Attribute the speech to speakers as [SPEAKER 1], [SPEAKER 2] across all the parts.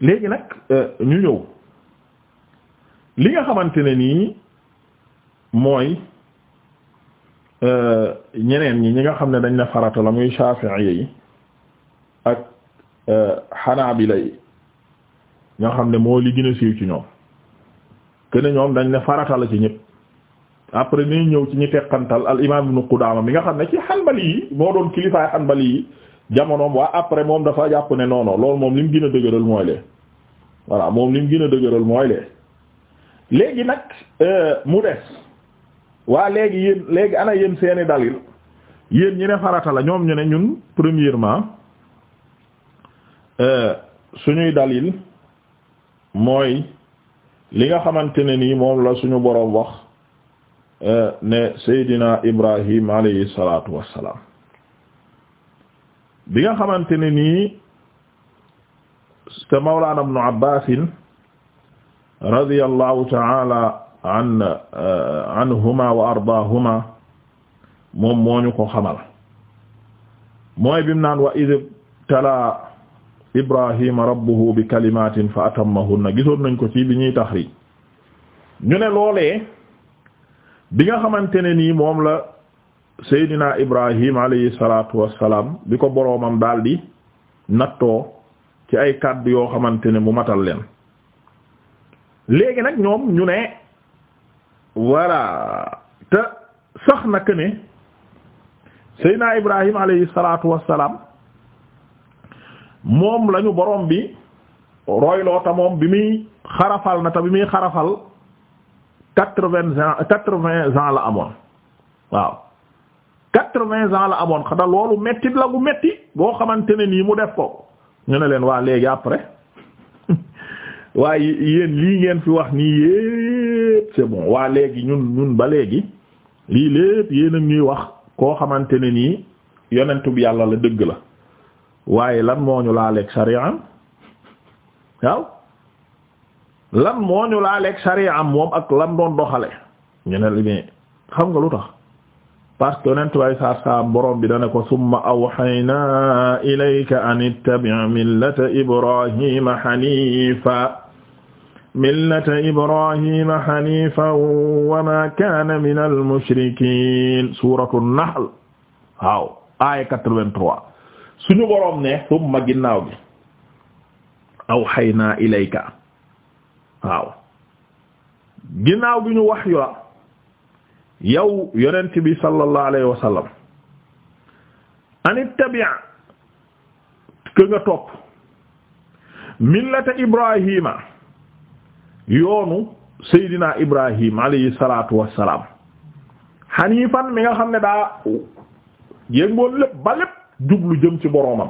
[SPEAKER 1] léegi nag euh, ñu ñëw li nga xamante ne nii mooy euh, ñeneen ñi ñi nga xam ne dañ ne farata la muy Shafi'i yi ak euh, Hanabila yi nga xam ne moo li gën a siiw ci ñoom kuene ñoom dañ ne farata la ci ñëpp après ni ñëw ci ñi teqantal al imam Ibn Qudama mi nga xam ne ci Hanbali yi moo doon kilifaay Hanbali yi jamonoom waa après moom dafa jàpp ne non non loolu moom li mu gën a dëgëral mooy lee voilà moom li mu gën a mooy lee léegi nag euh, mu des waa léegi yéen léegi ana yéen seeni dalil yéen ñu ne farata la ñoom ñu ne ñun premièrement euh, suñuy dalil mooy li nga xamante ne nii moom la suñu boroom wax euh, ne Seydina Ibrahim alayhi salaatu wassalaam bi nga xamante nii te mawlaana ibnu abbaasin radiyallahu ta'ala an eh, anhuma wa ardaahuma moom moo ñu ko xamal mooy bim naan wa idh tala ibrahima rabbuhu bi kalimatin fa atammahunna gisoon nañ ko ci bi ñuy taxrij ñu ne loolee bi nga xamante ne nii moom la seydina ibrahim alayhi salatu wassalam bi ko boroomam daldi nattoo ci ay kàddu yoo xamante ne mu matal leen léegi nag ñoom ñu ne voilà te sax na que ne Seydina Ibrahim alayhi salaatu wassalaam moom lañu borom bi royloo ta moom bi muy xarafal na te bi muy xarafal quatre vingt ans quatre vingt ans la amoon waaw quatre-vingts ans la amoon xanaa loolu metti la gu metti boo xamante ne nii mu def ko ñu ne leen waa léegi après waaye yéen lii ngeen fi wax nii yépp c'est bon waa léegi ñun ñun ba léegi lii lépp yéen a ñuy wax koo xamante ne nii yonentu bi yàlla la dëgg la waaye lan moo ñu laaleeg sariyaam waaw lan moo ñu laaleeg sariyaam moom ak lan doon doxale ñu ne li xam nga lu tax parce que yonent way saar saam borom bi dana ko summa awhayna ilayka an ittabi' millata ibrahima hanifa millata ibrahima hanifa wa ma kana min al mushrikin suratu nahl waaw aya 83 suñu borom ne summa ginnaaw bi awhayna ilayka waaw ginnaaw bi ñu wax yo yow yonent bi sallallahu alayhi wa sallam anit tabi'a ke nga topp millata ibrahima yoonu seydina ibrahim alayhi salatu wassalam hanifan mi nga xam ne daa yëngoon lépp ba lépp jublu jëm ci boroomam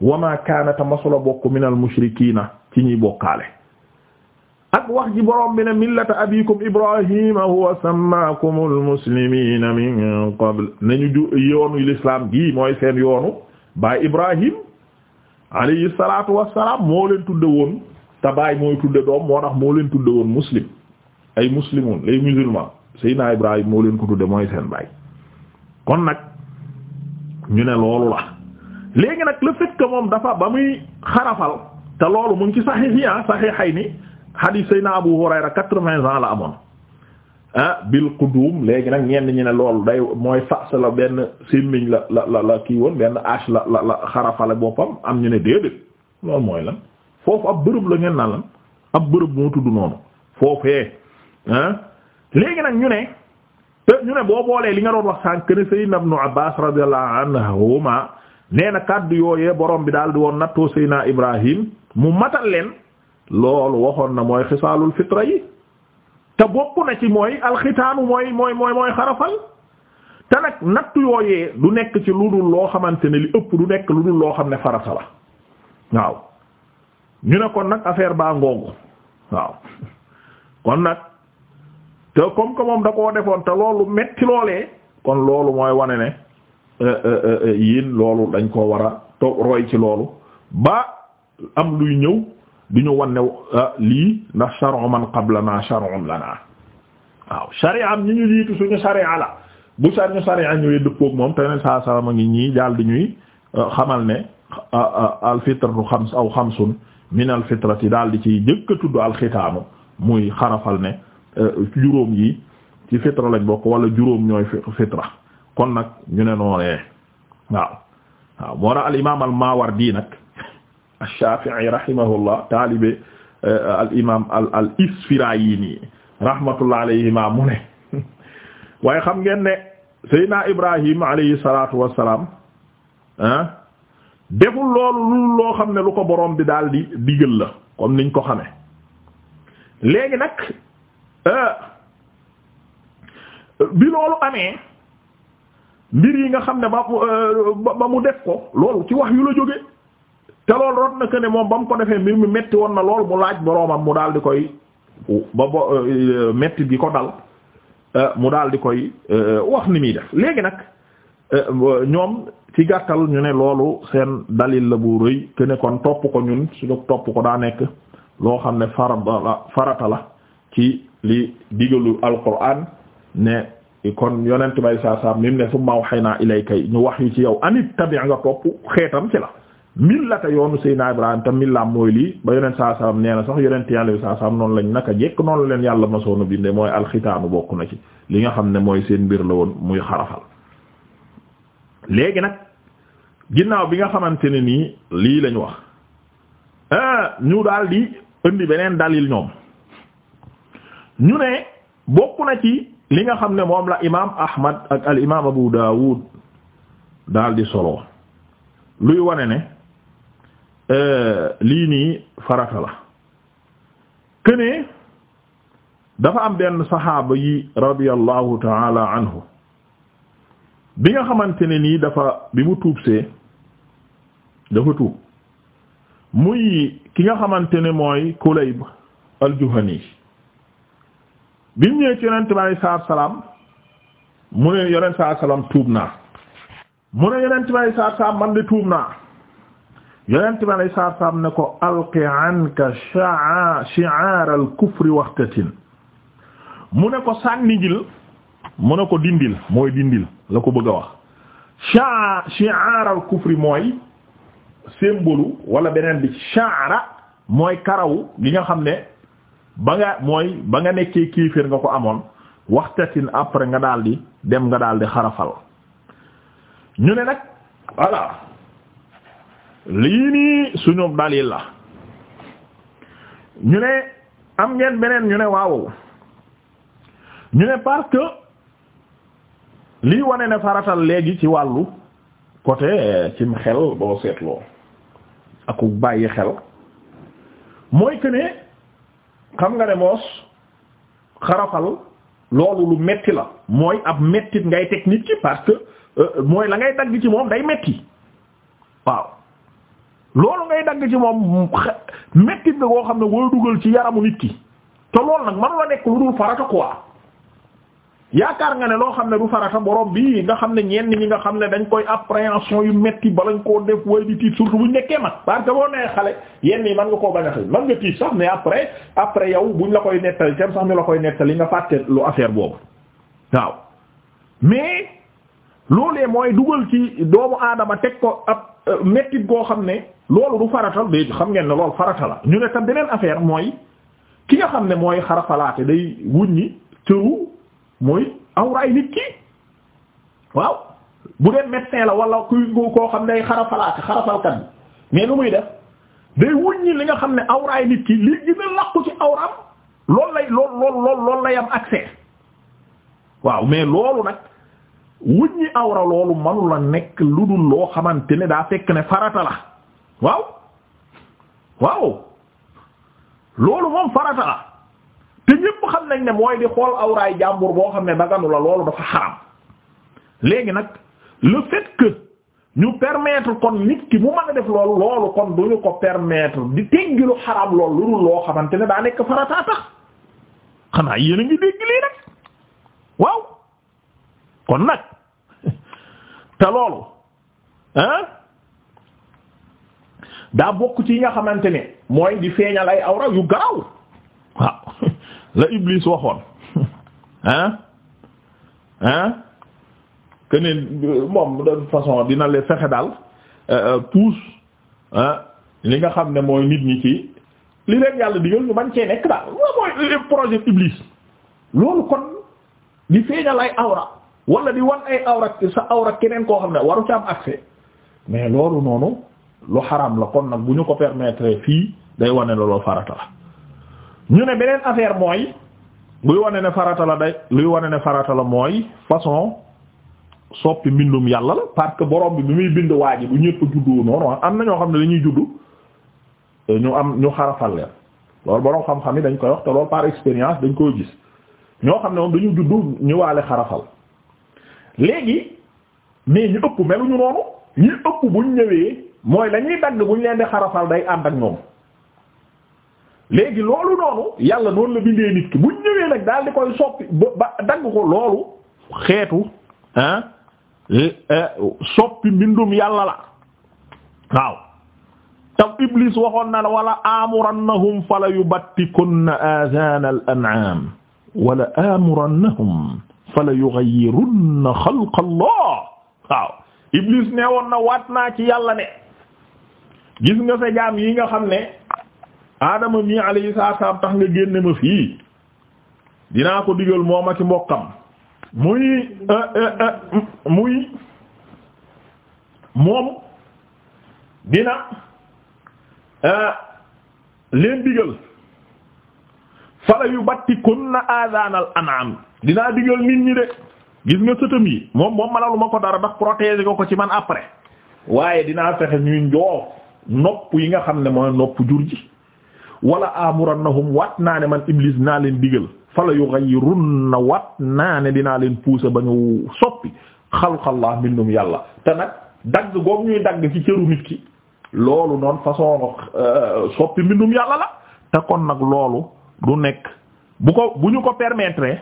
[SPEAKER 1] wa ma kaanata masula bokk minal mushrikiina ci ñuy bokkaale ak wax ji borom bi ne millata abikum ibrahima huwa sammakumul muslimina min nañu ju yoonu l'islam gi mooy seen yoonu baay ibrahim alayhi salatu moo leen tudde woon te baay mooy tudde doom moo tax moo leen tudde woon muslim ay muslimun les musulmans Seydina ibrahim moo leen ko tudde mooy seen baay kon nag ñu ne loolu la léegi nag le fait moom dafa ba muy xarafal te loolu mu ngi ci saxiix ah, saxiixay ni hadith sayna Abu Hurayra quatre-vingts ans la amoon ah bil qudum léegi nag ñenn ñi ne loolu day mooy fas la benn simmiñ la la la kii woon benn ash la la la boppam am ñu ne déedéet loolu mooy lan foofu ab bërëb la ngeen naa lan ab bërëb moo tudd noonu foofee ah léegi nag ñu ne te ñu ne boo boolee li nga doon wax sànq ne Sayyidina Ibnu Abbaas radiyallahu anhuma nee na kàddu yooyee borom bi daal di woon nattoo Sayyidina Ibrahim mu matal leen loolu waxoon na mooy xisaalul fitra yi te bokk na ci mooy alxitaanu mooy mooy mooy mooy xarafal te nag natt yooyee du nekk ci lu dul loo xamante ne li ëpp du nekk lu dul loo xam ne farata la waaw ñu ne kon nag affaire baa ngoogu waaw kon nag te comme que moom da koo defoon te loolu metti loolee kon loolu mooy wane ne euh, euh, euh, yiin loolu dañ koo war a roy ci loolu ba am luy ñëw du ñu wan ah, lii ndax shar'u man qablana shar'un lana waaw sharia ñi ñu jiitu suñu sharia la bu sar ñu sharia ñëwee dëppook moom te neen saa saa ma ngi ñii daal di ñuy ah, xamal ne ah, al fitratu xam aw xamsun min al fitrati daal di ci jëkk a tudd al xitaamu muy xarafal ne eh, juróom yi ci fitra lañ bokk wala juróom ñooy fitra kon nag ñu ne noonee waaw waaw moo tax al imaam al Maawardi nag ash-Shafi'i rahimahullah taalibe euh, al imam al al Isfirayini rahmatullah alayhima mu ne waaye xam ngeen ne Seydina Ibrahim alayhi salatu wassalam ah deful loolu lu loo xam ne lu ko boroom bi daal di digal la comme niñ ko xamee léegi nag euh, bi loolu amee mbir yi nga xam ne euh, ba ba mu def ko loolu ci wax yu la jóge te loolu rot na que ne moom ba mu ko defee mbir mi metti woon na lool mu laaj boroomam mu daal di koy ba bo euh, metti gi ko dal euh, mu daal di koy euh, wax ni muy def léegi nag ñoom ci gàttal ñu ne loolu seen dalil la bu rëy que ne kon topp ko ñun suñu topp ko daa nekk loo xam ne farata la farata la ci li digalu alquran ne kon yonent bay saa saa mi ne su maw xëy naa ilay kay ñu wax yu ci yow anit tabi nga topp xeetam ci la millata yoonu Seydina Ibrahima tam millaam mooy lii ba yonent saa salaam nee na sax yonent yàlla saa salaam noonu lañ naka jekk noonu leen yàlla masoon a bindee mooy alxitaanu bokk na ci li nga xam ne mooy seen mbir la woon muy xarafal. nag ginnaaw bi nga xamante ne nii lii lañ wax ah, ñu daal di beneen dalil ñoom bokk na ci li nga xam ne moom la imaam Ahmad ak al imaam Abu Dawud daal di solo luy wane ne. Euh, lii nii farata la kënee dafa am benn saxaaba yi radiyallahu taala anhu bi nga xamante ne nii dafa bi mu tuubsee dafa tuub muy ki nga xamante ne mooy Kulayb al bi mu ñëwee ci yonent bi alayhi salaatu salaam mu ne yonent salaatu salaam tuub naa mu ne yonent bi alayhi salaatu salaam man de tuub naa yonent bi alayhi salaatu salaam ne ko alqi anka shi'aar al kufri waxtatin mu ne ko sànnijil mu ne ko dindil mooy dindil la ko bëgg a wax shi'a shi'aar al kufri mooy symbole wala beneen bi sha'ra mooy karaw gi nga xam ne ba nga mooy ba nga nekkee kiifir nga ko amoon waxtatin après nga daldi dem nga daldi xarafal ñu ne nag voilà lii nii suñu dalil la ñu ne am ngeen beneen ñu ne waaw ñu ne parce que lii wane ne faratal léegi ci wàllu côté cim xel boo seetloo ak ku bàyyi xel mooy que ne xam nga ne moos xarafal loolu lu metti la mooy ab mettit ngay teg nit ki parce que euh, mooy la ngay dagg ci moom day metti waaw loolu ngay dagg ci moom mettit la woo xam ne booy dugal ci yaramu nit ki te loolu nag manu la nekk lu dul farata quoi yaakaar nga ne loo xam ne du farata borom bi nga xam ne ñenn ñi nga xam ne dañ koy appréhension yu metti balañ koo def way di tiit surtout bu ñu nekkee mag parce que boo nee xale yenn yi mën nga koo bañ a xel mën nga tiit sax mais après après yow buñ la koy nettali tam sax ñu la koy nettali nga fàtte lu affaire boobu waaw mais loolee mooy dugal ci doomu aadama teg ko ab mettit goo xam ne loolu du faratal day xam ngeen ne loolu farata la ñu ne tam beneen affaire mooy ki nga xam ne mooy xarafalaate day wuññi cëru mooy awraay nit ki waaw bu dee médecin la wala kuy koo xam ne day xarafalaate xarafalkat bi mais nu muy def day wuññi li nga xam ne awraay nit ki li gën a ci awraam loolu lay lool lool lool loolu lay waaw mais loolu nag wuññi awra loolu manu la nekk lu dul loo xamante ne daa fekk ne farata la waaw waaw loolu moom farata la te ñépp xam nañ ne mooy di xool awraay jàmbur boo xam ne daganu la loolu dafa xaram léegi nag le fait que ñu permettre kon nit ki mu mën a def loolu loolu kon duñu ko permettre di teggi xaram loolu lu dul loo xamante ne daa nekk farataa tax xanaa yéen ngi dégg nag waaw kon nag te loolu ah daa bokk ci yi nga xamante ne mooy di feeñal ay awra yu garaw waaw la Iblis waxoon ah ah moom de toute façon dina le fexe daal euh, euh, pousse ah li nga xam ne mooy nit ñi ci li leen yàlla digal ñu man cee nekk daal loolu mooy projet Iblis loolu kon di feeñal ay awra. wala di wan ay awra sa awra keneen koo xam ne waru ci am accès mais loolu noonu lu xaram la kon nag bu ñu ko permettre fii day wane ne loolu farata la ñu ne beneen affaire mooy buy wane ne farata la day luy wane ne farata la mooy façon soppi mbindum yàlla la parce que borom bi bi muy bind waa ji bu ñëpp juddu noonu ah am na ñoo xam ne dañuy juddu ñu am ñu xarafal leen loolu borom xam-xam yi dañ koy wax te loolu par expérience dañ koy gis ñoo xam ne moom dañu juddu ñëwaale xarafal. léegi mais ñu ëpp meluñu noonu ñi ëpp buñ ñëwee mooy la ñuy dagg buñ leen di xarafal day ànd ak ñoom léegi loolu noonu yàlla noonu la bindee nit ki buñ ñëwee nag daal di koy soppi ba dagg ko loolu xeetu ah eh, soppi mbindum yàlla la waaw taw iblis waxoon na la wala amurannahum fala yubattikunna azana al an'am wala amurannahum fala yughayyirunna xalqa Allah waaw Iblis ne woon na waat naa ci yàlla ne gis nga sa jaam yi nga xam ne Adama mii alayhi tax nga génne ma fii dinaa ko digal moom ak mbokkam muy euh, euh, euh, muy moom dina leen digal fala yubattikunna aadaanal an'am dinaa digal nit ñi de gis nga sëtam yi moom moom mënalu ma ko dara ndax protéger ko ko ci man après waaye dinaa fexe ñuy njoof nopp yi nga xam ne mooy nopp jur ji wala amurannahum wat naa ne man iblis naa leen digal fala na wat naa ne dinaa leen pousser ba ñu soppi xalqallah mbindum yàlla te nag dagg goog ñuy dagg ci cëru nit ki loolu noon façon euh, soppi mbindum yàlla la te kon nag loolu du nekk bu ko bu ñu ko permettre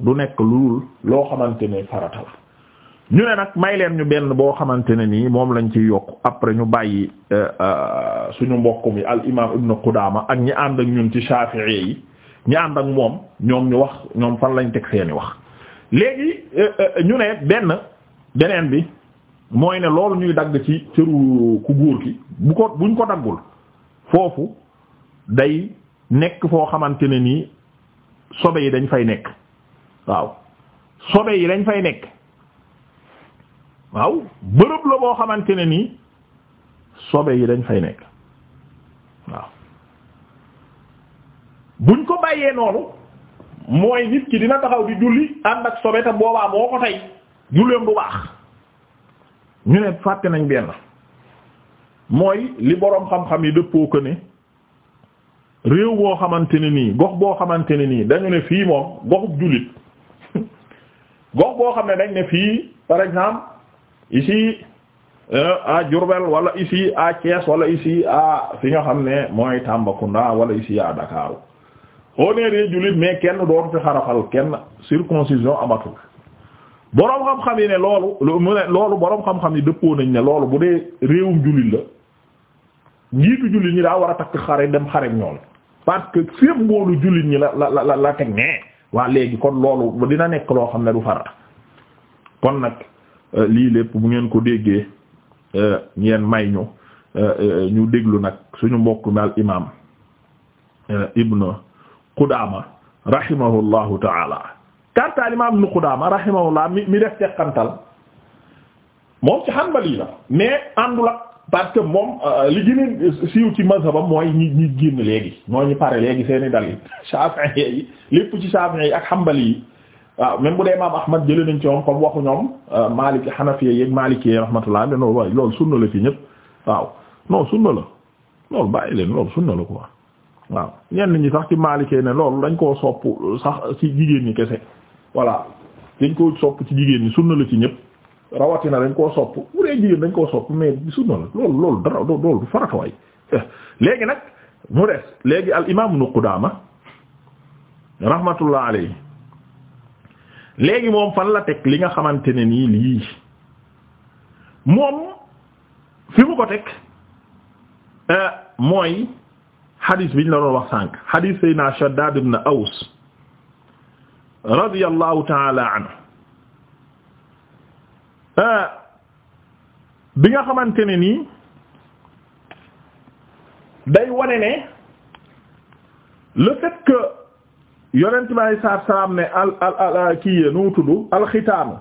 [SPEAKER 1] du nekk lu loo xamante ne ñu ne nag may leen ñu benn boo xamante ne nii moom lañ ci yokk après ñu bàyyi euh, euh, suñu mbokk mi al imaam ibnu Qudaama ak ñi ànd ak ñun ci Shaafi'i yi ñi ànd ak moom ñoom ñu wax ñoom fan lañ teg seeni wax léegi euh, ñu ne benn beneen bi mooy ne loolu ñuy dagg ci cëru ku góor ki bu ko buñ ko daggul foofu day nekk foo xamante ne nii sobe yi dañ fay nekk waaw sobe yi lañ fay nekk waaw bërëb la boo xamante ne nii sobe yi dañ fay nekk waaw buñ ko bàyyee noonu mooy nit ki dina taxaw di julli ànd ak sobe te boobaa moo ko tey julleem bu baax ñu ne fàtte nañ benn mooy li boroom xam-xam yi dëppoo ko ne réew boo xamante ne nii gox boo xamante ne nii dañu ne fii moom goxub jullit gox boo xam ne dañ ne fii par exemple ici euh, à Diourbel wala ici à Thiès wala ici à fi nga xam ne mooy Tambacounda wala ici à Dakar on est des jullit mais kenn doon fi xarafal kenn circoncision amatul boroom xam-xam yi ne loolu mu ne loolu boroom xam-xam yi dëppoo nañ ne loolu bu dee réewum jullit la njiitu jullit ñi daa war a takk xare dem xare ñool parce que fépp mboolu jullit ñi la la la la teg waa léegi kon loolu dina nekk loo xam ne du farata kon nag euh, lii lépp bu ngeen ko déggee euh, ngeen may ñu euh, ñu déglu nag suñu mbokk mi al imaam ibn Qudaama rahimahullahu taala kanta al imaam ibn Qudaama rahimahullah mi mi def teqantal moom ci Hanbali la mais àndul parce que moom euh, li gën a siiw ci mazhabam mooy ñi ñi génn léegi ñoo ñu pare léegi seeni dal yi Shafi'i yi lépp ci Shafi'i yi ak Hanbali yi waaw même bu dee Imam Ahmad jële nañ ci moom comme waxu ñoom euh, Malik Hanafiya yeeg Maliki yi rahmatullah danoo waay lool sunna la ci ñëpp waaw non sunna la loolu bàyyi leen loolu sunna la quoi waaw ñenn ñi sax ci Maliki ne loolu dañ koo sopp sax ci jigéen ñi kese voilà dañ koo sopp ci jigéen ñi sunna la ci ñëpp rawatina dañ koo sopp bu dee jigéen dañ koo sopp mais sunna la loolu loolu dara loolu du farata waay eh, léegi nag mu des léegi al imaam Ibnu Qudaama rahmatullah alayhi léegi moom fan la teg li nga xamante ne nii lii moom fi mu ko teg eh, mooy xadis biñ ñu la doon wax sànq xadis Seydina Shaddaad ibn Aws radiyallahu ta'ala anhu Euh, bi nga xamante ni nii day wone ne le fait que yonent bi alei ne al al al kii yee nu tudd alxitaanu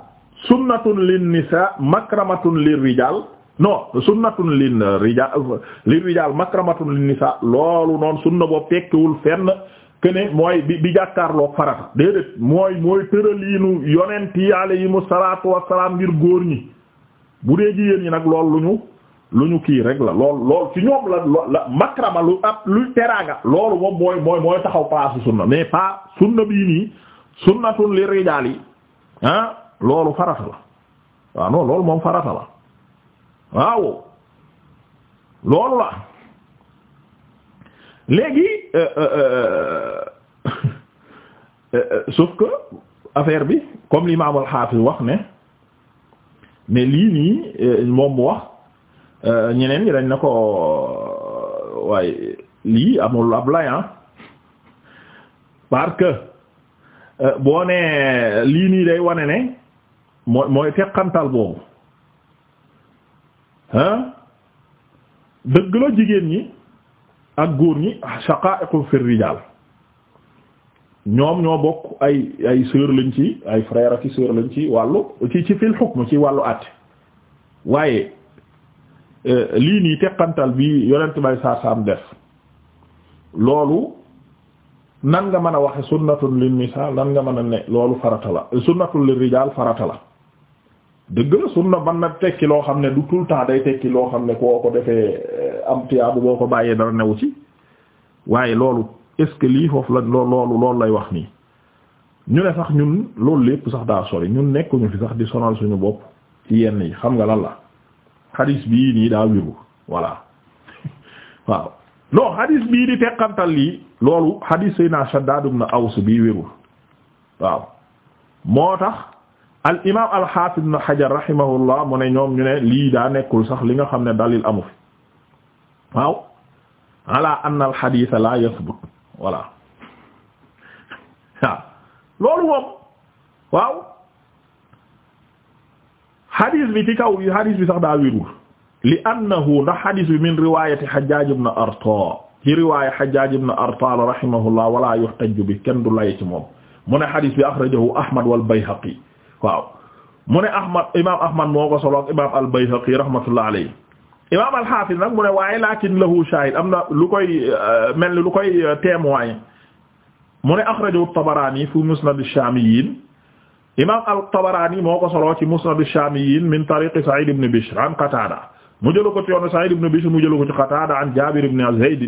[SPEAKER 1] sunnatun lin nisa makramatun lir rijal non sunnatun lin rijal lir rijal makramatun lin nisa loolu noonu sunna boobu tekkiwul fenn que ne mooy bi bi jàkkaarloog farata déedéet mooy mooy tëraliinu yonent yi alayhimu salaatu wassalaam ngir góor ñi bu dee jigéen ñi nag lool lu ñu lu ñu kii rek la lool lool ci ñoom la makrama lu teraanga loolu moom mooy mooy taxaw paasu sunna mais pas sunna bii nii sunnatun li rijaal yi ah loolu farata la waaw non loolu moom farata la waaw loolu la léegi euh, euh, euh, sauf que affaire bi comme l'imam al-Hafiz wax ne mais lii nii moom mu wax ñeneen ñi dañ na ko waaye lii amul ab layan parce boo ne lii nii day wane ne mooy mooy teqantal boobu ah dëgg la jigéen ñi ak góor ñi shaqa'iqu fi rijal ñoom ñoo bokk ay ay sœur lañ ci ay frère ak sœur lañ ci wàllu ci ci fil hukm ci wàllu àtte waaye euh, lii nii teqantal bi yonent bay saa saam def loolu nan nga mën a waxe sunnatun lin nisa nan nga mën a ne loolu farata la sunnatun lin rijal farata la dëgg la sunna man na tekki loo xam ne du tout le temps day tekki loo xam ne koo ko defee euh, am tuyaabu boo ko bàyyee dara newu ci waaye loolu est-ce que lii foofu la loolu loolu lay wax nii ñu ne sax ñun loolu lépp sax daa sori ñun nekkuñu fi sax di sonal suñu bopp ci yenn yi xam nga lan la xadis bii nii daa wiru voilà waaw non xadis bii di teqantal lii loolu xadis sayna Shaddad ibn Aws bii wiru waaw moo tax al imaam al-Hafiz ibn Hajar rahimahullah mu ne ñoom ñu ne lii daa nekkul sax li nga xam ne dalil amu fi waaw ala anna al hadith la yathbut voilà waaw loolu moom waaw hadith bi ci kaw yi hadith bi sax daa wérul li annahu ndax hadith bi min riwayati hajjaj ibn arta ci riwaaya hajjaj ibn arta rahimahullah wala yuhtaju bi kenn du lay ci moom mu ne hadith bi akhrajahu ahmad wal bayhaqi waaw mu ne ahmad imam ahmad moo ko solo ak imam al bayhaqi rahmatullah alayhi imaam alxaafis nag mu ne waaye lakin lahu shahid am na lu koy euh, mel ni lu koy euh, témoin mu ne axrajahu Tabaraani fi musnad ash-Shaamiyyiin imaam al-Tabaraani moo ko soloo ci musnad ash-Shaamiyyiin min tariiqi Sa'iid ibn Bishr an Qataada mu jëla ko ci yoonu Sa'iid ibn Bishr mu jëla ko ci Qataada an Jaabir ibn Zayd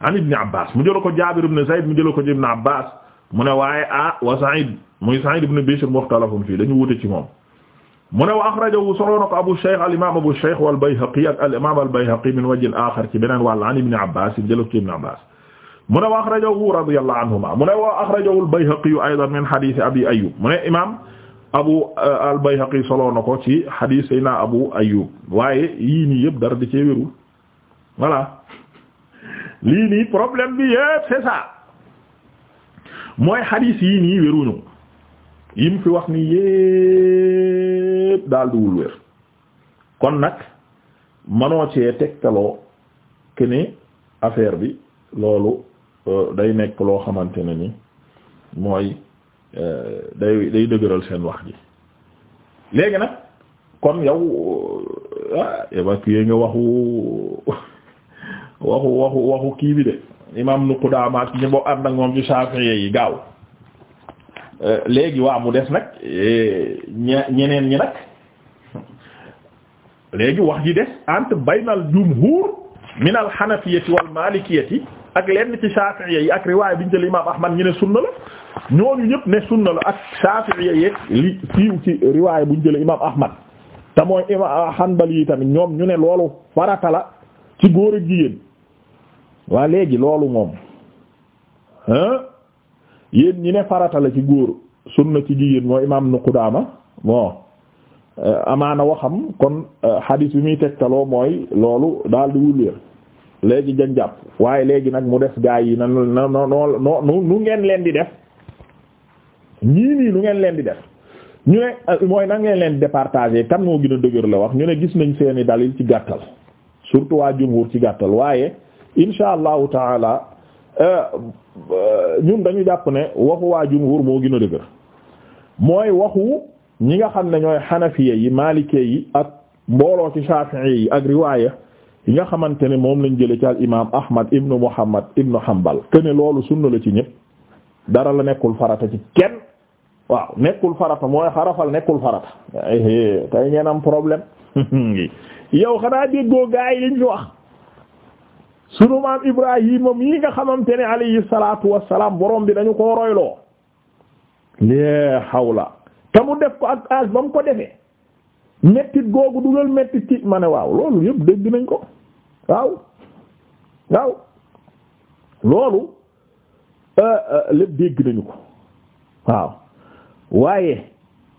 [SPEAKER 1] an Ibn Abbaas mu jëla ko Jaabir ibn Zayd mu jëla ko ci Ibn Abbaas mu ne waaye ah wa Sa'iid muy Sa'iid ibn Bishr muxtalafun fii dañu wute ci moom mu ne wa axrajahu solo na ko Abu Shaykh al-imaam Abu Shaykh wal Bayhaqi ak al-imaam al-Bayhaqi min wajhin aaxar ci beneen wàll an Ibn Abbaas jëloon ci Ibn Abbaas mu ne wa axrajahu radiyallahu anhumaa mu ne wa axrajahu al-Bayhaqi aydan min hadiisi Abi Ayyuub mu ne imaam Abu uh, al-Bayhaqi solo na ko ci hadiis Seydina Abu Ayyuub waaye yii nii yëpp dara da cee wérul voilà lii nii problème bi yëpp c'est ça mooy hadiis yii nii wéruñu yim fi wax ni yépp daal diwul wér kon nag manoo cee tegtaloo ke ni affaire bi loolu euh, day nekk loo xamante ne ni mooy euh, day day dëgëral seen wax ji léegi nag kon yow euh, ah évacuer nga waxu waxu waxu waxu kii bi de imam nu Qudaama ak ñi boo ànd ak moom ci Shafi'i yi gaaw Euh, léegi waa mu des nag eh, ñeneen ñi nag léegi wax ji des entre baynal jumhur min al xanafiyati wal malikiyati ak lenn ci shafi'iyya yi ak riwaay biñ jël imam ahmad ñu ne sunna la ñooñu ñëpp ne sunna la ak shafi'iyya yeeg li fiiw ci riwaay buñ jël imam ahmad te mooy ah, yi tamit ñoom ñu ne loolu farata la ci góor ak jigéen waa léegi loolu moom yéen ñi ne farata la ci góor sunna ci jigéen mooy imaam nu Qudaama bon eh, amaana waxam kon hadith eh, bi muy tegtaloo mooy loolu daal di wulwéer léegi jan jàpp waaye léegi nag mu def gaa yi na na no no nu ngeen leen di def ñii nii nu ngeen leen di def ñu ne eh, mooy nag ngeen leen départager kan moo gën a dëgër la wax ñu ne gis nañ seeni dalil ci gàttal surtout waa jumhur ci gàttal waaye insha allahu taala Euh, euh, ñun dañu jàpp ne waxu waa jumhur moo gën a dëgër mooy waxu ñi nga xam ne ñooy xanafiye yi maalikee yi ak mbooloo ci shafi'i yi ak riwaaya yi nga xamante ne moom lañ jële ci al imaam ahmad ibnu muhammad ibnu hanbal que ne loolu sunna la ci ñëpp dara la nekkul farata ci kenn waaw nekkul farata mooy xarafal nekkul farata eh, eh, tey ngeen am problème yow xanaa déggoo gaa yi fi wax sunu maam Ibrahima mii nga xamante ne alayhi salaatu salaam borom bi dañu ko royloo lee hawla te mu def ko ak âge ba mu ko defee mettit googu dugal mettit ci ma ne waaw loolu yëpp dégg nañ ko waaw waaw loolu euh, euh, lépp dégg nañu ko waaw waaye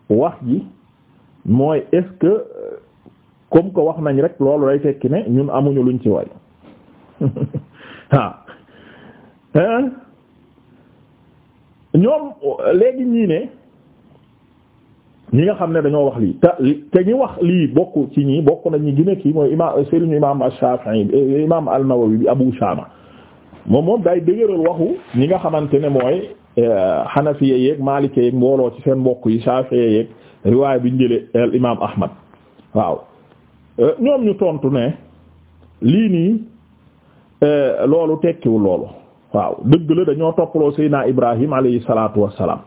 [SPEAKER 1] wax ji mooy est-ce que euh, comme que wax nañ rek loolu day tekki ne ñun amuñu luñ ci way waaw ñoom léegi ñii ne ñi nga xam ne dañoo wax lii te te ñi wax lii bokk ci ñi bokk nañ ñi gën a mooy imaam sëriñu imaam Ash-Shafi'i bi imaam An-Nawawi bi Abu Shama moom moom day dëgëral waxu ñi nga xamante ne mooy eh, Hanafiya yeeg Maliki yeeg mbooloo ci seen mbokk yi Shafi'i yeeg riwaay biñ ñu jëlee al imaam Ahmad waaw eh, ñoom ñu tontu ne lii nii. Euh, loolu tekkiwul loolu waaw dëgg la dañoo toppaloo Seydina Ibrahim alayhi salaatu wassalaam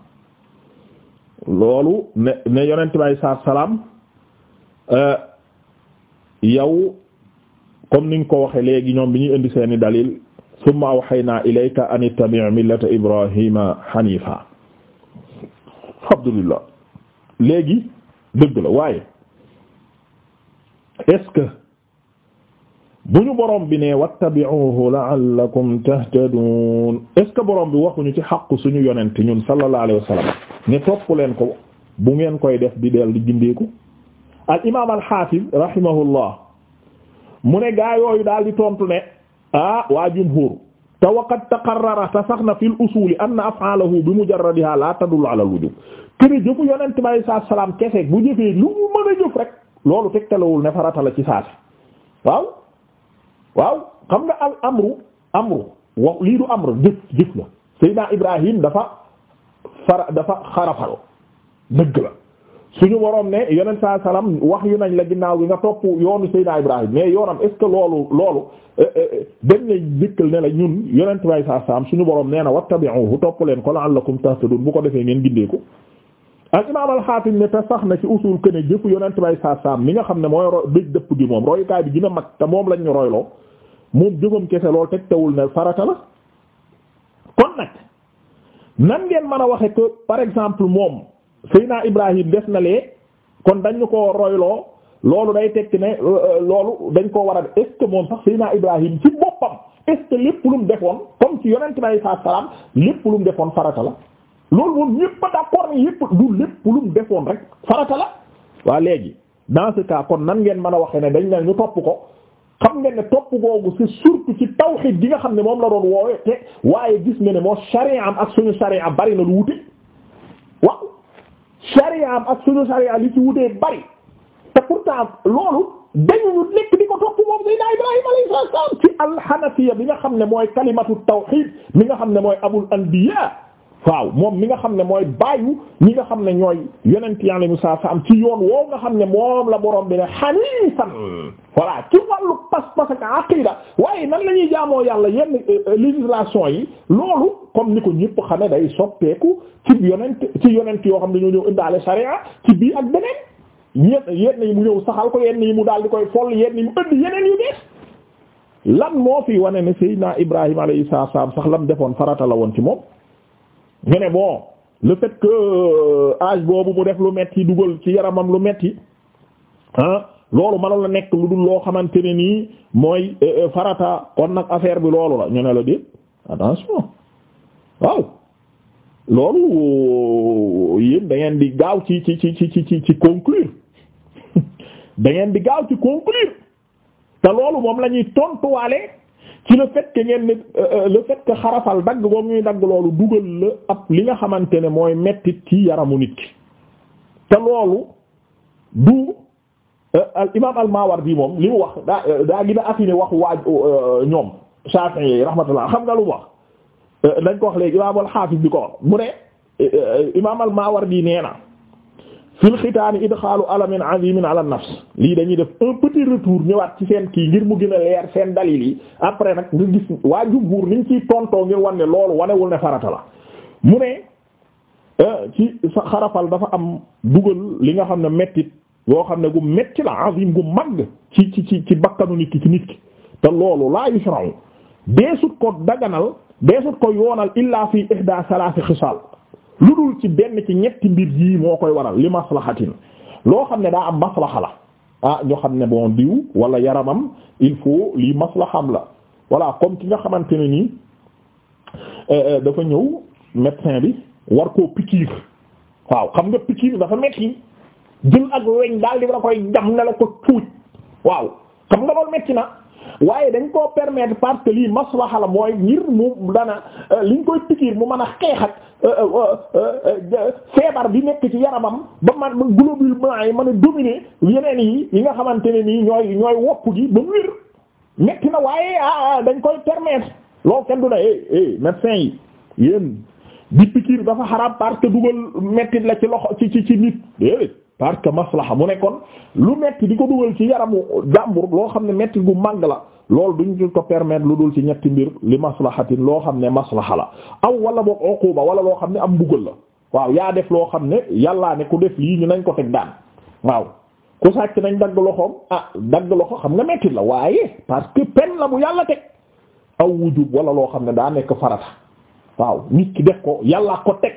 [SPEAKER 1] loolu ne ne yonent bi alayhi euh, yow comme niñ ko waxee léegi ñoom bi ñuy indi seeni dalil summa awhaynaa ilayka an ittabi' millata Ibrahima haniifa alhamdulillah léegi dëgg la waaye est que bu ñu borom bi ne wattabi'uhu la'allakum tahtadun est ce que borom bi waxuñu ci xaqu suñu yonent ñun sallallahu alayhi wa sallam ne topp leen ko bu ngeen koy def di del di gindeeku al imam al hafiz rahimahullah mu ne gaa yooyu daal di tontu ne ah waa jumhur te waqad taqarrara te sax na fil usuli anna af'alahu bi mujarradiha la tadullu ala al wujub kër jëfu yonent bi alayhi salaam kese bu jëfee lu mu mën a jëf rek loolu tegtalawul ne farata la ci saasi waaw. waaw xam nga al amru amru wax lii du amru jëf jëf la Seydina Ibrahim dafa fara dafa xarafal dëgg la suñu waroon ne yonent saa salaam wax yu nañ la ginnaaw gi nga topp yoonu Seydina Ibrahim mais yoonam est ce que loolu loolu eh, eh, eh, benn dëkkal ne la ñun yonent waay saa salaam suñu borom nee na wattabi'uhu topp leen ko la'allakum tahtadun bu ko defee ngeen gindeeku al imaam al ne te sax na ci usul que ne jëfu yonent waay saa salaam nga xam ne mooy ro dëj dëpp gi moom royukaay bi mag te moom lañ ñu royloo moom jëfam kese lool teg tawul ne farata la kon nag nan ngeen mën a waxe que par exemple moom Seyna Ibrahim des na lee kon dañ ko royloo loolu day tekk ne euh, euh, loolu dañ ko war a est ce que moom sax Seyna Ibrahim ci boppam est lépp lu mu defoon comme ci yonent bi saa salaam lépp lu mu defoon farata la loolu moom ñépp a d'accord yépp du lépp lu defoon rek farata la waa léegi dans ce cas kon nan ngeen mën a waxe ne dañ ne ñu topp ko xam nga ne topp googu c'est surtout ci tawhid gi nga xam ne moom la doon woowee te waaye gis nga ne moo sharia ak suñu sharia bari na lu wute waaw ak suñu sharia li ci wutee bari te pourtant loolu dañu ñu nekk di topp moom Seydina Ibrahima alayhi salaam ci al-Hanafiya bi nga xam ne mooy kalimatu tawhid mi nga xam ne mooy abul anbiya waaw moom mi nga xam ne mooy baayu ñi nga xam ne ñooy yonent yàlla mu saa am ci yoon woow nga xam ne moom la boroom bi ne xaniifan voilà ci wàllu pas-pas ak aqida waaye nan la ñuy jaamoo yàlla yenn euh, euh, législation yi loolu comme ni ko ñëpp xame day soppeeku ci yonent ci yonent yoo xam ne ñoo ñëw indaale sharia ci bii ak beneen yenn yenn yi mu ñëw saxal ko yenn yi mu dal di koy foll yenn yi mu ëndi yeneen yi bees lan moo fi wane ne Seydina Ibrahima alayhi salaam sax lam defoon farata la woon ci moom ñu ne bon le fait que euh, âge boobu mu def lu metti dugal ci yaramam lu metti ah loolu mënoon la nekk lu dul loo xamante ne nii mooy euh, euh, farata kon nag affaire bi loolu la ñu ne la déet attention waaw loolu yéen da ngeen di gaaw ci ci ci ci ci ci conclure da di gaaw ci conclure te loolu moom lañuy tontuwaale. ci le fait ngeen ne euh, euh, le fait que xarafal dagg boobu ñuy dagg loolu dugal la ab li nga xamante ne mooy mettit ci yaramu nit ki te loolu du euh, al imaam al Mawardi moom li mu wax daa daa gën a wax waaj ñoom Shafi'i yi rahmatullah xam nga lu mu dañ ko wax léegi imaam al Hafiz bi ko wax mu ne imaam al Mawardi nee na fil xitaani idxaalu alamin azimin ala nafs lii dañuy def un petit retour ñëwaat ci seen kii ngir mu gën a leer seen dalil yi après nag nga gis waa jumhuur niñ ciy tontoo ngir wan ne loolu wanewul ne farata la mu ne euh, ci xarafal dafa am dugal li nga xam ne mettit yoo xam ne gu metti la azim gu mag ci ci ci ci bakkanu nit ki ci nit ki te loolu laa yushra'u deesut ko daganal deesut ko yoonal illa fi ihda salaasi xisaal lu dul ci benn ci ñetti mbir yii moo koy waral li maslahatin loo xam ne daa am maslaha la ah ñoo xam ne bon diw wala yaramam il faut lii maslaham la voilà comme ki nga xamante ne nii eh, eh, dafa ñëw médecin bi war koo pikiir waaw xam nga pikiir dafa metti jël ak weñ daal di la koy jam ne la ko cuuj waaw xam nga loolu metti na. waaye dañ koo permettre parce que lii maslaha la mooy ngir mu dana euh, liñ koy pikiir mu man a xeex euh, euh, feebar bi nekk ci yaramam ba man globule blanc yi mën a dominer yeneen yi yi nga xamante ne nii ñooy ñooy wokku gi ba mu wér metti na waaye ah, ah dañ koy permettre loolu kenn du na eh eh médecin yi yéen di pikiir dafa xaraam parce que dugal mettit la ci loxo ci ci ci nit parce que maslaha mu nekkoon lu metti di ko dugal ci yaramu jàmbur loo xam ne metti gu màgg la loolu duñ ko permettre lu dul ci ñetti mbir li maslahatin loo xam ne maslaha la aw wala boog uquba wala loo xam ne am mbugal la waaw yaa def loo xam ne yàllaa ne ku def lii ñu nañ ko teg daan waaw ku nañ dagg loxoom ah dagg loxo xam nga metti la waaye parce que peine la bu yàlla teg aw wujub wala loo xam ne daa nekk farata waaw nit ki def ko yàlla ko teg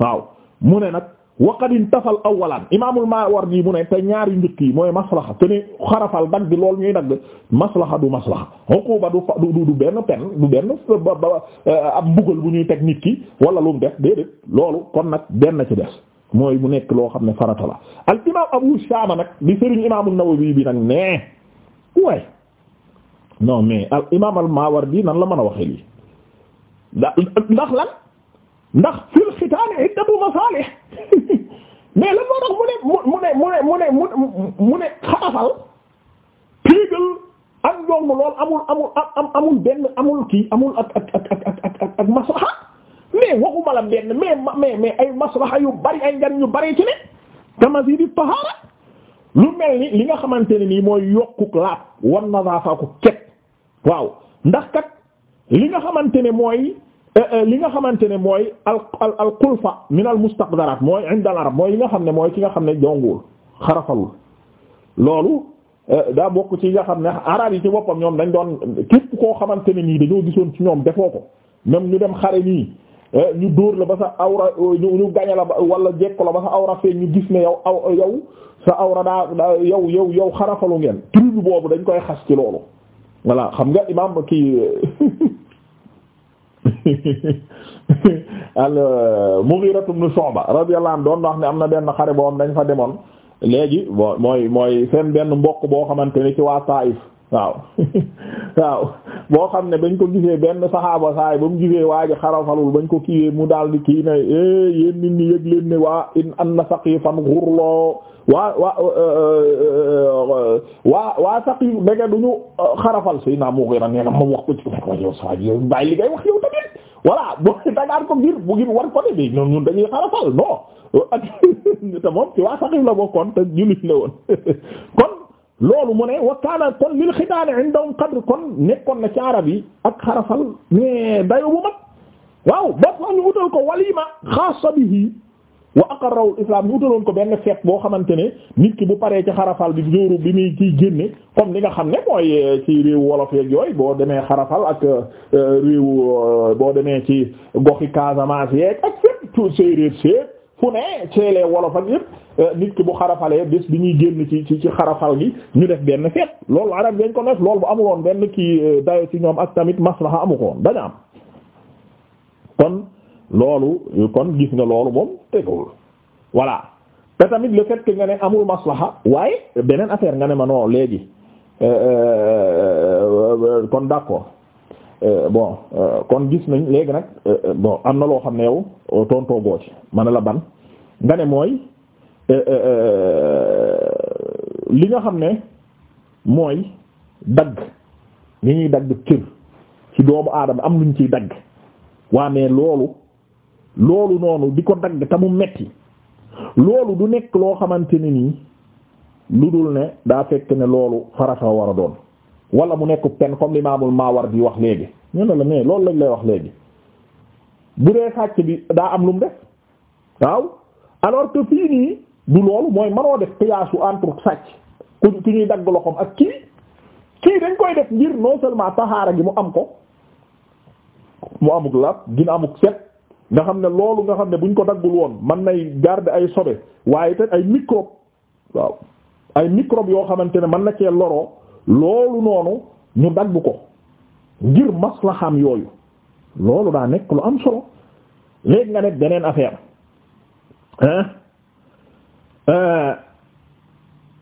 [SPEAKER 1] waaw mu ne nag waqad intafal awwalan imaamul Mawardi mu ne te ñaari njëkk yi mooy maslaxa te ne xarafal dagg lool ñuy dagg maslaxa du maslaxa uquba du du du benn pen du benn eh, ab mbugal bu ñuy teg nit ki wala lu mu def déedéet loolu kon nag benn ci des mooy mu nekk loo xam ne farata la al imaam Abu Shama nag di sëriñ imaamul Nawawi bi nag nee waaye non mais al imaam al Mawardi nan la mën a waxee lii ndax lan. ndax fil xitaani iddatu masaalih mais la moo tax mu ne mu ne mu ne mu ne mu ne xarafal piigal ak njong lool amul amul am amul benn amul kii amul ak ak ak ak ak ak maslaha mais waxuma la benn mais mais mais ay maslaha yu bari ay njariñ yu bari ci ne tamasiidi tahaara lu mel ni li nga xamante ne nii mooy yokkuk laab wan nadaafa ko ket waaw ndax kat li nga xamante mooy Euh, euh, li nga xamante ne mooy al al al qulfa min al mustaqdarat mooy inda mooy yi nga xam ne mooy ki nga xam ne jonguwul xarafalul loolu euh, daa bokk ci nga xam ne arab yi ci boppam ñoom dañ doon képp koo xamante ne nii dañoo gisoon ci ñoom defoo ko même ñu dem xare nii ñu dóor la ba sa awra ñu gañe la ba wala jekk la ba sa awra feeñ ñu gis ne yow aw yow sa awra daa yow yow yow xarafalu ngeen tribu boobu dañ koy xas ci loolu voilà xam nga imam kii al-Mughira euh, ibn Shu'ba radiyallahu anhu doon wax ne am na benn xare boo am dañ fa demoon léegi bon mooy mooy seen benn mbokk boo xamante ni ci waa Taif waaw waaw boo xam ne bañ ko gisee benn saxaaba saay ba mu gisee waa ji xarafalul bañ ko kiiwee mu daal di kii ne eh, yéen nit ñi yëg leen ne waa in anna saqifan xurloo waa waa euh, euh, waa waa ndege du ñu euh, xarafal si naa Mughira nee na moom wax ko ci wax yow saa ji yow bàyyi la bokkoon te jullit la woon kon. loolu mu ne wa kaana kon lil xitaani indahum qadr kon nekkoon na ci yi ak xarafal mais waaw ba fa ñu utal ko walima xaasa bihi wa aqarrahu islam ñu utaloon ko benn feet boo xamante ne nit ki bu paree ci xarafal bi jóoru bi muy ciy génne comme li nga xam ne mooy euh, ci réew wolof yeeg yooyu boo demee xarafal ak euh, réew euh, boo demee ci goxi Casamance yeeg ak fépp séeréer séeg fu ne ceelee wolof ak yëpp euh, nit ki bu xarafalee bés bi ñuy génn ci ci ci xarafal gi ñu def benn feet loolu arab dañ ko def loolu bu amuloon benn kii euh, dayo ci ñoom ak tamit maslaha amu koon dañu am kon loolu kon gis nga loolu moom tegul voilà tamit le fait que nga ne waaye beneen affaire nga ne ma non léegi euh, kon d'accord bon kon gis nañ léegi nag am na loo xam ne yow tontoo goo ci ma ne la ban nga ne mooy euh, euh, euh, li nga xam ne mooy dagg li ñuy dagg cër ci doomu aadama am luñ ciy dagg waa mais loolu loolu noonu di ko dagg te mu metti loolu du nekk loo xamante ne nii lu dul ne daa fekk ne loolu farata war a doon wala mu nekk pen comme l'imamul Mawardi wax léegi ñu ne la mais loolu lañ lay wax léegi bu dee sàcc bi daa am lu mu def waaw alors que fii nii du loolu mooy manoo def qiyaasu entre sàcc ku ku ñuy dagg loxoom ak kii kii dañ koy def ngir non seulement taxaara gi mu am ko mu amuk lap gina amuk set nga xam ne loolu nga xam ne buñ ko daggul woon man nay garder ay sobe waaye te ay microbe waaw ay microbe yoo xamante ne mën na kee loroo loolu noonu ñu dagg ko ngir maslaxam yooyu loolu daa nekk lu am solo léegi nga nekk beneen affaire euh,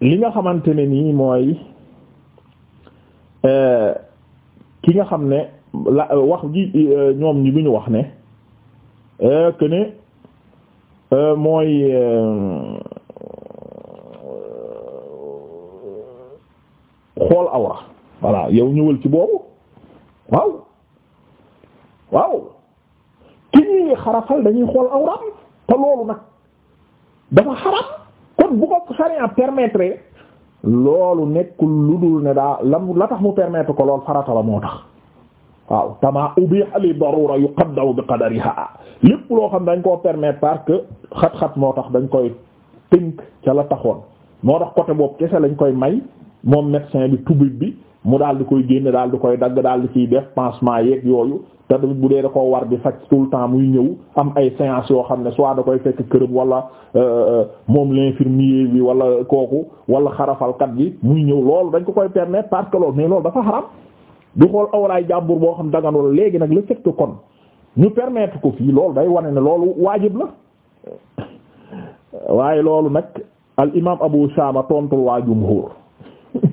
[SPEAKER 1] li nga xamante ne nii mooy euh, ki nga xam ne la euh, wax ji ñoom ñi bi ñu wax ne que ne mooy xool awra voilà yow ñëwal ci boobu waaw waaw ki ñuy xarafal dañuy xool awram te loolu nag dafa xaram kon bu ko sharia permettre loolu nekkul lu dul ne daa lam la tax mu permettre ko loolu farata la moo tax waaw tama ubbi ali darura yuqaddaru bi qadariha lépp loo xam dañ koo permettre parce que xat-xat moo tax dañ koy tënk ca la taxoon moo tax côté boobu kese lañ koy may moom médecin bi tubib bi mu daal di koy génne daal di koy dagg daal di ciy def pansement yeeg yooyu te tamit bu dee da koo war di faj tout le temps muy ñëw am ay séances yoo xam ne soit da koy fekk këram wala euh, euh, moom l'infirmier bi wala kooku wala xarafalkat bi muy ñëw loolu dañ ko koy permettre parce que loolu mais loolu dafa xaram du xool awraay jàmbur boo xam daganoo la léegi nag le fait que kon ñu permettre ko fii loolu day wane ne loolu waajib la waaye loolu nag al imam Abu Shama tontu waa jumhur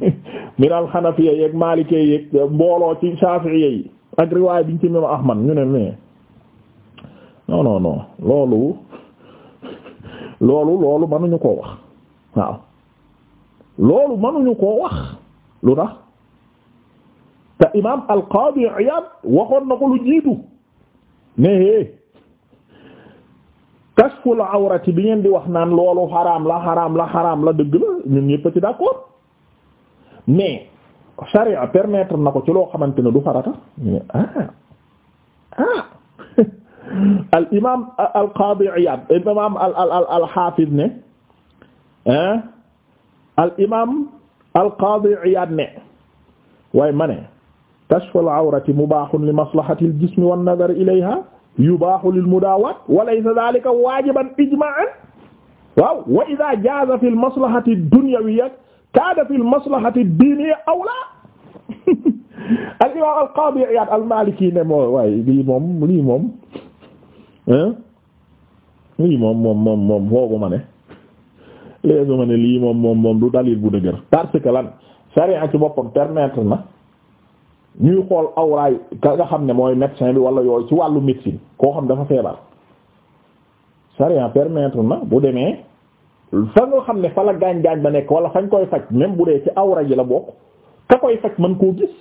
[SPEAKER 1] min alxanafiya yeeg maalikee yeeg mbooloo ci saafiiya yi ak riwaay biñ ci imam ahmad ñu ne mais non non non loolu loolu loolu mënuñu koo wax waaw loolu mënuñu koo wax lu tax te imam alqaadi Iyaad waxoon na ko lu jiitu ne hé kashful awrati bi ngeen di wax naan loolu xaraam la xaraam la dëgg la ñun ñëpp ci mais charia permettre na ko ci loo xamante ne du farata mais ah, ah. al imaam al qaadi Iyaad al al al qaadi Iyaad ne waaye ma ne kashfu al awrati mubaahun li maslahati al jismi wan nazar ilayha yubaahu lil mudaawaat wa laysa dhaalika waajiban ijmaa'an waaw wa idhaa jaaza fi al maslahati ad-dunyawiyya kaada fil maslahati diiniya awlaa al imaam al qaadi al Maaliki ne moo waaye lii moom lii moom lii moom moom moom moom foogu ma ne léegi ma ne lii moom moom moom du dalil bu dëgër parce que lan ci boppam permettre na ñuy xool awraay ka nga xam ne mooy médecin bi wala yooyu ci wàllu médecine koo xam dafa feebar sariya permettre na bu demee fa nga xam ne fa la gaañ gaañ ba nekk wala fañ koy faj même bu dee ci awra ji la bokk ka koy faj man koo gis